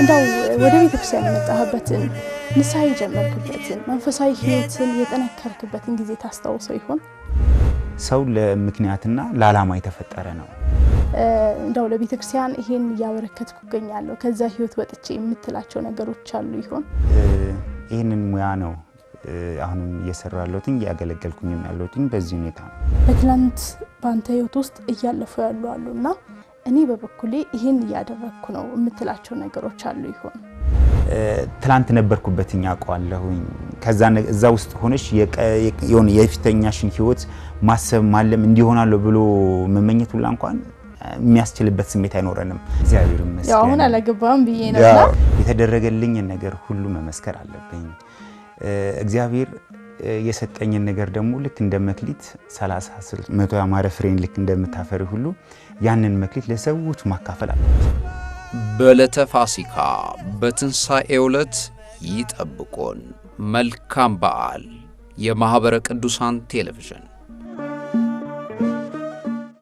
እንዳው ወደ ቤተክርስቲያን የመጣህበትን ንስሐ የጀመርክበትን መንፈሳዊ ህይወትን የጠነከርክበትን ጊዜ ታስታውሰው ይሆን? ሰው ለምክንያትና ለዓላማ የተፈጠረ ነው። እንዳው ለቤተክርስቲያን ይሄን እያበረከትኩ እገኛለሁ ከዛ ህይወት ወጥቼ የምትላቸው ነገሮች አሉ ይሆን? ይህንን ሙያ ነው አሁንም እየሰራ ያለሁትኝ እያገለገልኩኝም ያለሁትኝ በዚህ ሁኔታ ነው። በትላንት በአንተ ህይወት ውስጥ እያለፉ ያሉ አሉ እና እኔ በበኩሌ ይህን እያደረግኩ ነው የምትላቸው ነገሮች አሉ ይሆን? ትላንት ነበርኩበትኝ አውቀዋለሁኝ። እዛ ውስጥ ሆነሽ የሆነ የፊተኛሽን ህይወት ማሰብ ማለም እንዲሆናለሁ ብሎ መመኘት ሁላ እንኳን የሚያስችልበት ስሜት አይኖረንም። እግዚአብሔር ይመስገን አሁን አላገባም ብዬ ነው የተደረገልኝን ነገር ሁሉ መመስከር አለብኝ እግዚአብሔር የሰጠኝን ነገር ደግሞ ልክ እንደ መክሊት 36 መቶ ያማረ ፍሬን ልክ እንደምታፈሪ ሁሉ ያንን መክሊት ለሰዎች ማካፈል አለ። በዕለተ ፋሲካ በትንሣኤ ዕለት ይጠብቁን። መልካም በዓል። የማኅበረ ቅዱሳን ቴሌቪዥን